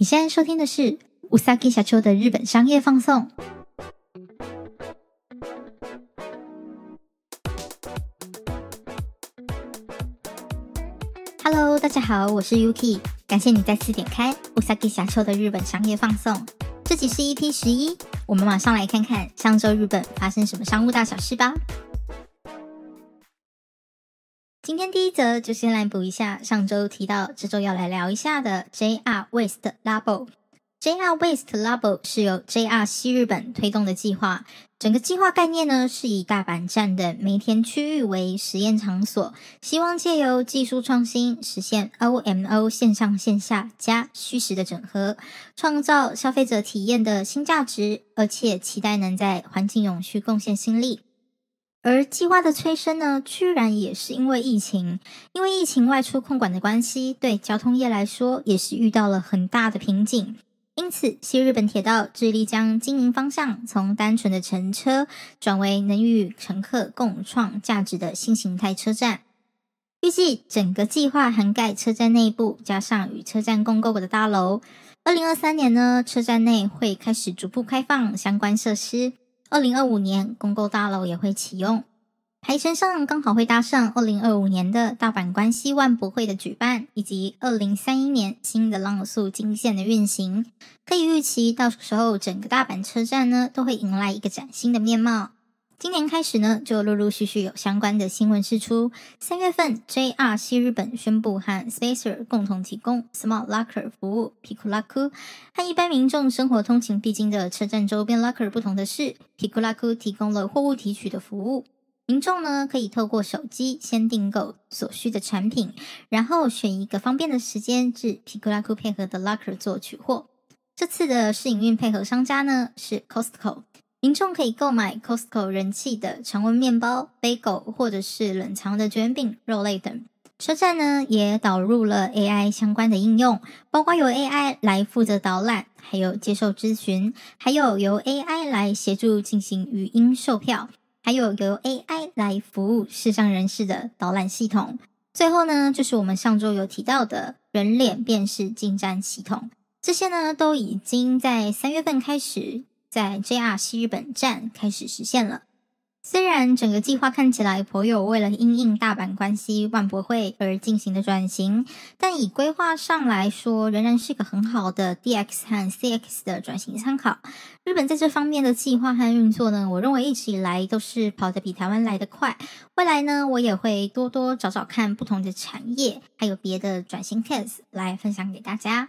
.你現在收聽的是《うさぎ社長》的日本商業放送。Hello，大家好，我是 Yuki，感謝你再次點開《うさぎ社長》的日本商業放送。這集是 EP 十一，我們馬上來看看上周日本發生什麼商務大小事吧。今天第一則就先來補一下上周提到，這周要來聊一下的 JR WEST LABO。JR WEST LABO 是由 JR 西日本推動的計劃，整個計劃概念呢是以大阪站的梅田區域為實驗場所，希望借由技術創新實現 OMO 線上線下加虛實的整合，創造消費者體驗的新價值，而且期待能在環境永續貢獻心力。而計劃的催生呢，居然也是因為疫情，因為疫情外出控管的關係，對交通業來說也是遇到了很大的瓶頸。因此，西日本鐵道致力將經營方向從單純的乘車，轉為能與乘客共創價值的新形態車站。預計整個計劃涵蓋車站內部，加上與車站共構的大樓。二零二三年呢，車站內會開始逐步開放相關設施。二零二五年，公共大樓也會啟用，排程上剛好會搭上二零二五年的大阪關西萬博會的舉辦，以及二零三一年新的浪速筋線的運行，可以預期，到時候整個大阪車站呢，都會迎來一個嶄新的面貌。今年開始呢，就陸陸續續有相關的新聞釋出。三月份，JR 西日本宣布和 Spacer 共同提供 Small Locker 服務 Pikulaku。和一般民眾生活通勤必經的車站周邊 locker 不同的是，Pikulaku 提供了貨物提取的服務。民眾呢可以透過手機先訂購所需的產品，然後選一個方便的時間至 Pikulaku 配合的 locker 做取貨。這次的試營運配合商家呢是 Costco。民眾可以購買 Costco 人氣的常溫麵包、BAGEL 或者是冷藏的捲餅、肉類等。車站呢也導入了 AI 相關的應用，包括由 AI 來負責導覽，還有接受諮詢，還有由 AI 來協助進行語音售票，還有由 AI 來服務視障人士的導覽系統。最後呢，就是我們上周有提到的人臉辨識進站系統，這些呢都已經在三月份開始。在 JR 西日本站開始實現了。雖然整個計劃看起來頗有為了因應大阪關西萬博會而進行的轉型，但以規劃上來說，仍然是個很好的 DX 和 CX 的轉型參考。日本在這方面的計劃和運作呢，我認為一直以來都是跑得比台灣來得快。未來呢，我也會多多找找看不同的產業，還有別的轉型 case 來分享給大家。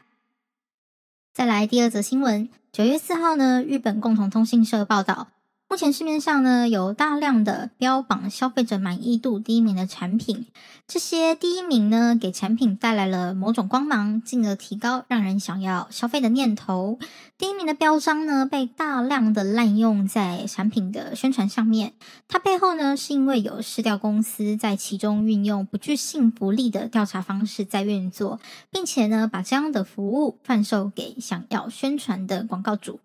再來第二則新聞，九月四號呢，日本共同通信社報道。目前市面上呢有大量的標榜消費者滿意度第一名的產品，這些第一名呢給產品帶來了某種光芒，進而提高讓人想要消費的念頭。第一名的標章呢被大量的濫用在產品的宣傳上面，它背後呢是因為有市調公司在其中運用不具信服力的調查方式在運作，並且呢把這樣的服務販售給想要宣傳的廣告主。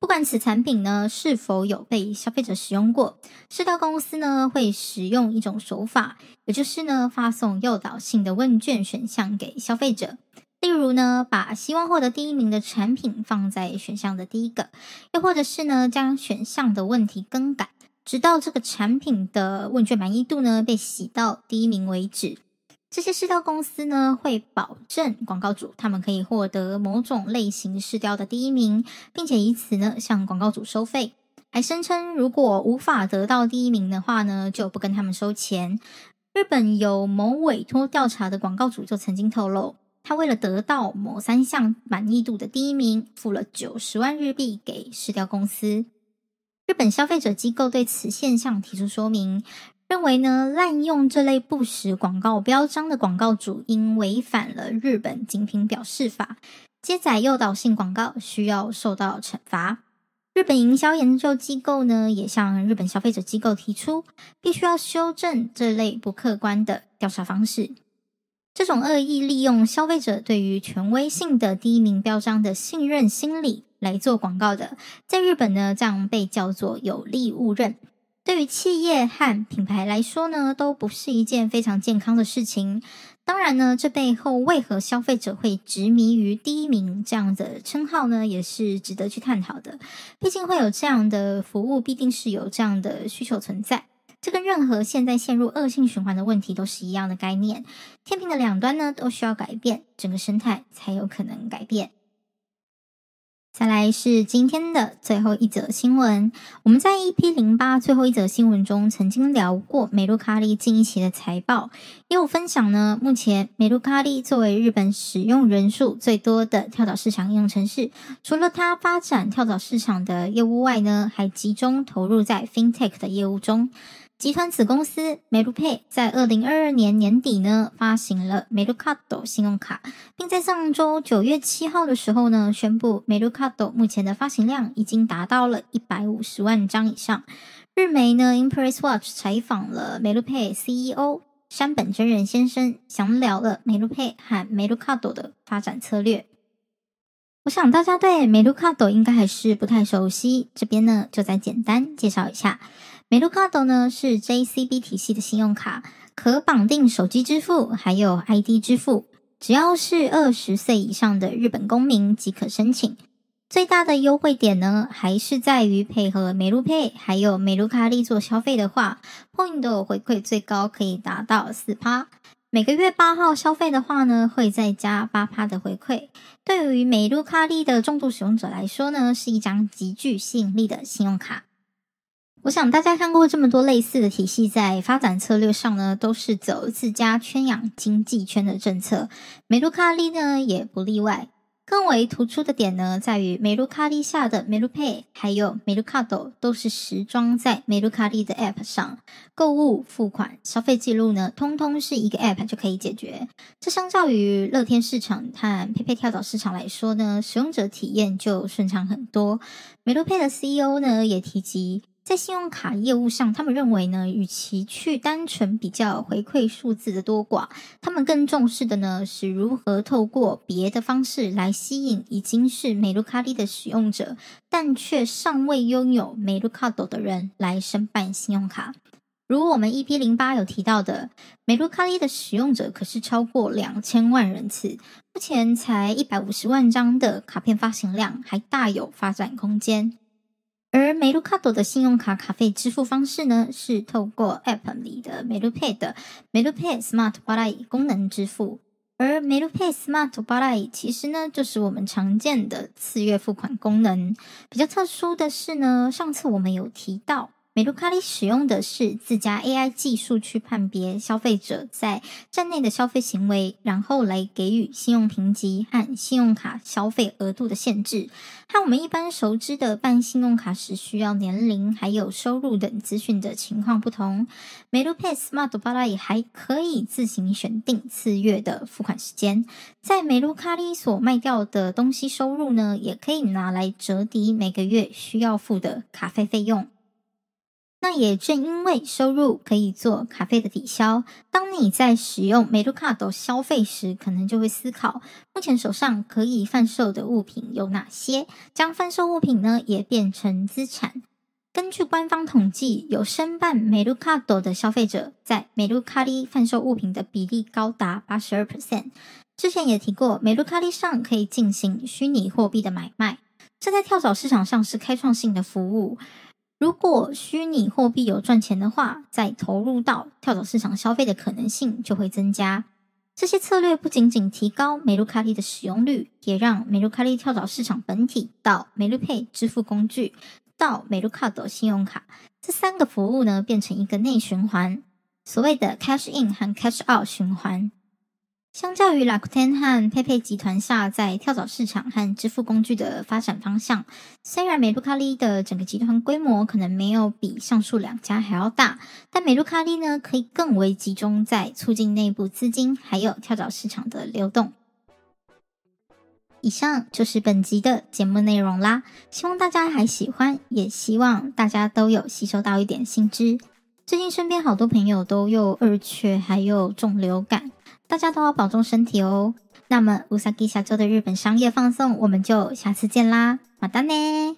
不管此產品呢是否有被消費者使用過，市調公司呢會使用一種手法，也就是呢發送誘導性的問卷選項給消費者。例如呢，把希望獲得第一名的產品放在選項的第一個，又或者是呢將選項的問題更改，直到這個產品的問卷滿意度呢被洗到第一名為止。這些市調公司呢，會保證廣告主他們可以獲得某種類型市調的第一名，並且以此呢向廣告主收費，還聲稱如果無法得到第一名的話呢，就不跟他們收錢。日本有某委託調查的廣告主就曾經透露，他為了得到某三項滿意度的第一名，付了九十萬日幣給市調公司。日本消費者機構對此現象提出說明。認為呢，濫用這類不實廣告標章的廣告主，因違反了日本景品表示法，接載誘導性廣告需要受到懲罰。日本營銷研究機構呢，也向日本消費者機構提出，必須要修正這類不客觀的調查方式。這種惡意利用消費者對於權威性的第一名標章的信任心理來做廣告的，在日本呢，這樣被叫做有利誤認。對於企業和品牌來說呢，都不是一件非常健康的事情。當然呢，這背後為何消費者會執迷於第一名這樣的稱號呢，也是值得去探討的。畢竟會有這樣的服務，必定是有這樣的需求存在。這跟任何現在陷入惡性循環的問題都是一樣的概念。天平的兩端呢，都需要改變，整個生態才有可能改變。再來是今天的最後一則新聞。我們在 EP 零八最後一則新聞中曾經聊過美露卡利近一期的財報業務分享呢。目前美露卡利作為日本使用人數最多的跳蚤市場應用程式，除了它發展跳蚤市場的業務外呢，還集中投入在 FinTech 的業務中。集團子公司梅露佩在二零二二年年底呢發行了梅露卡朵信用卡，並在上周九月七號的時候呢宣布梅露卡朵目前的發行量已經達到了一百五十萬張以上。日媒呢《Impress Watch》採訪了梅露佩 CEO 山本真人先生，詳聊了梅露佩和梅露卡朵的發展策略。我想大家對梅露卡朵應該還是不太熟悉，這邊呢就再簡單介紹一下。美露卡斗呢是 JCB 體系的信用卡，可綁定手機支付，還有 ID 支付。只要是二十歲以上的日本公民即可申請。最大的優惠點呢，還是在於配合美露配還有美露卡利做消費的話，point 的回饋，最高可以達到四趴。每個月八號消費的話呢，會再加八趴的回饋。對於美露卡利的重度使用者來說呢，是一張極具吸引力的信用卡。我想大家看過這麼多類似的體系，在發展策略上呢，都是走自家圈養經濟圈的政策。美露卡利呢，也不例外。更為突出的點呢，在於美露卡利下的美露佩還有美露卡斗，都是實裝在美露卡利的 App 上，購物、付款、消費記錄呢，通通是一個 App 就可以解決。這相較於樂天市場和佩佩跳蚤市場來說呢，使用者體驗就順暢很多。美露佩的 CEO 呢，也提及。在信用卡業務上，他們認為呢，與其去單純比較回饋數字的多寡，他們更重視的呢，是如何透過別的方式來吸引已經是美露卡利的使用者，但卻尚未擁有美露卡德的人來申辦信用卡。如我們 EP 零八有提到的，美露卡利的使用者可是超過兩千萬人次，目前才一百五十萬張的卡片發行量，還大有發展空間。而梅露卡朵的信用卡卡費支付方式呢，是透過 App 裡的梅露佩 a y 的梅露佩 a y Smart b a l a n e 功能支付。而梅露佩 a y Smart b a l a n e 其實呢，就是我們常見的次月付款功能。比較特殊的是呢，上次我們有提到。美盧卡里使用的是自家 AI 技術去判別消費者在站內的消費行為，然後來給予信用評級和信用卡消費額度的限制。和我們一般熟知的辦信用卡時需要年齡、還有收入等資訊的情況不同，美盧 Pay Smart Barai 也還可以自行選定次月的付款時間。在美盧卡里所賣掉的東西收入呢，也可以拿來折抵每個月需要付的卡費費用。那也正因為收入可以做卡費的抵消，當你在使用美露卡多消費時，可能就會思考目前手上可以販售的物品有哪些，將販售物品呢也變成資產。根據官方統計，有申辦美露卡多的消費者，在美露卡里販售物品的比例高達八十二 percent。之前也提過，美露卡里上可以進行虛擬貨幣的買賣，這在跳蚤市場上是開創性的服務。如果虛擬貨幣有賺錢的話，再投入到跳蚤市場消費的可能性就會增加。這些策略不僅僅提高美祿卡利的使用率，也讓美祿卡利跳蚤市場本體到美露配支付工具，到美祿卡抖信用卡，這三個服務呢，變成一個內循環，所謂的 cash in 和 cash out 循環。相較於樂天和 PayPay 集團下在跳蚤市場和支付工具的發展方向，雖然美露卡利的整個集團規模可能沒有比上述兩家還要大，但美露卡利呢，可以更為集中在促進內部資金還有跳蚤市場的流動。以上就是本集的節目內容啦，希望大家還喜歡，也希望大家都有吸收到一點新知。最近身邊好多朋友都又二確還有重流感。.大家都要保重身體哦。那麼，Usagi 社長的日本商業放送，我們就下次見啦，またね！